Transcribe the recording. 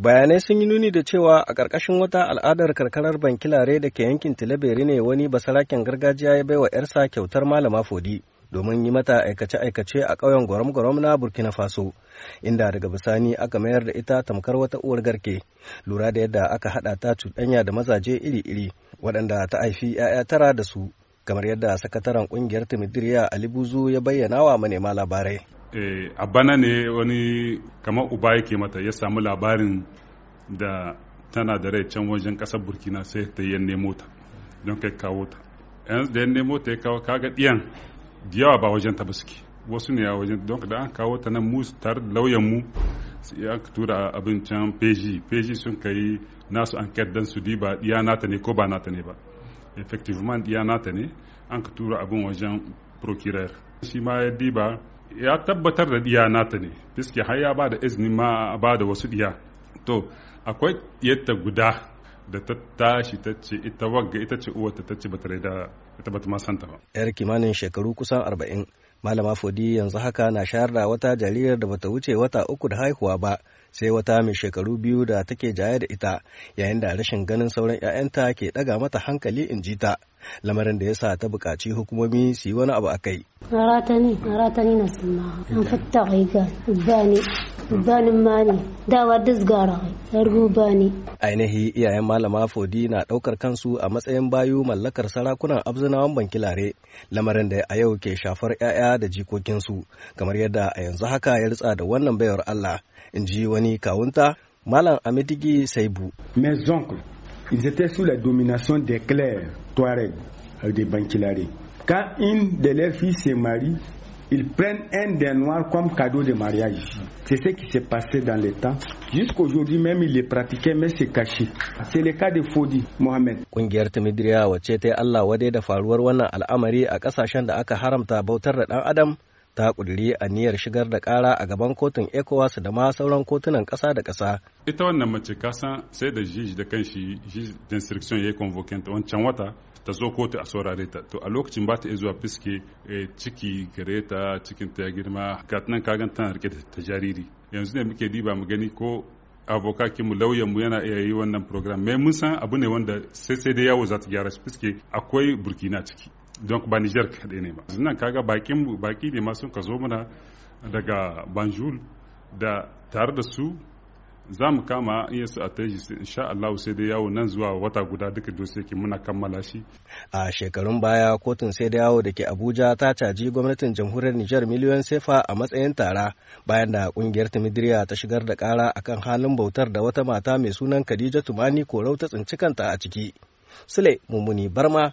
bayanai sun yi nuni da cewa a ƙarƙashin wata al'adar karkarar bankilare da ke yankin tilaberi ne wani basaraken gargajiya ya baiwa 'yarsa kyautar malama fodi domin yi mata aikace-aikace a ƙauyen gwaram-gwaram na burkina faso inda daga bisani aka mayar da ita tamkar wata uwar garke lura da yadda aka haɗa ta cuɗanya da mazaje iri-iri waɗanda ta haifi 'ya'ya tara da su kamar yadda sakataren ƙungiyar timidiriya alibuzu ya bayyana wa manema labarai Eh, a bana ne wani kamar uba yake mata ya samu labarin da tana da rai can wajen kasar burkina sai ta yi nemo ta don kai kawo ta yanzu da ya nemo ta ya kawo kaga diyan diyawa ba wajen ta ba suke wasu ne a wajen don da an kawo ta nan musu tare da lauyan mu ya tura abin can peji peji sun kai nasu enquete dan su diba diya nata ne ko ba nata ne ba effectivement diya nata ne an ka tura abin wajen procureur shi ma ya diba ya tabbatar da diya nata ne fiske har ya ba da izini ma ba da wasu diya to akwai yadda guda da ta tashi ta ce ita wagga ita ce uwarta ta ce da ita ba ma santa ba yar kimanin shekaru kusan arba'in Malama Fodi yanzu haka na shayar da wata jaririyar da bata wuce wata uku da haihuwa ba, sai wata mai shekaru biyu da take jaye da ita, yayin da rashin ganin sauran 'ya'yanta ke ɗaga mata hankali in ji ta. Lamarin da ya sa ta buƙaci hukumomi su yi wani abu a kai. ratani na an fita ne dawa duk gara Maruba ne. Ainihi iyayen malama Fodi na ɗaukar kansu a matsayin bayu mallakar sarakunan abzinawan bankilare lamarin da a yau ke shafar 'ya'ya da jikokinsu kamar yadda a yanzu haka ya ritsa da wannan bayar Allah in ji wani kawunta Malam Amidigi Saibu. Mes oncles, ils étaient sous la domination des clercs Touareg euh, des Bankilare. Quand une de leurs filles se marie, ils prennent un des noirs comme cadeau de mariage. C'est ce qui s'est passé dans les temps. Jusqu'aujourd'hui même, ils les pratiquaient, mais c'est caché. C'est le cas de Fodi Mohamed. Kungiyar Timidriya wacce ta Allah wadai da faruwar wannan al'amari a kasashen da aka haramta bautar da ɗan Adam ta a aniyar shigar da ƙara a gaban kotun ECOWAS da ma sauran kotunan ƙasa da ƙasa. Ita wannan mace kasan sai da jiji da kanshi jiji da instruction ya yi ta wancan wata ta zo kotu a saurare ta to a lokacin ba ta iya zuwa fiske eh, ciki gare ta cikin ta girma gatunan kagan tana rike da ta jariri yanzu ne muke diba mu gani ko mu lauyan mu yana iya yi wannan program mai mun san abu ne wanda sai sai da yawo za ta gyara su fiske akwai burkina ciki don ba Niger kaɗai ne ba nan kaga bakin mu baki ne ma sun ka zo mana daga Banjul da tare da su za mu kama in yasu a taji insha Allah sai dai yawo nan zuwa wata guda duka ke muna kammala shi. A shekarun baya kotun sai da yawo da ke Abuja ta caji gwamnatin jamhuriyar Nijar miliyoyin sefa a matsayin tara bayan da kungiyar Timidiriya ta shigar da kara akan halin bautar da wata mata mai sunan Khadija Tumani Korau ta tsinci kanta a ciki. Sule Mummuni Barma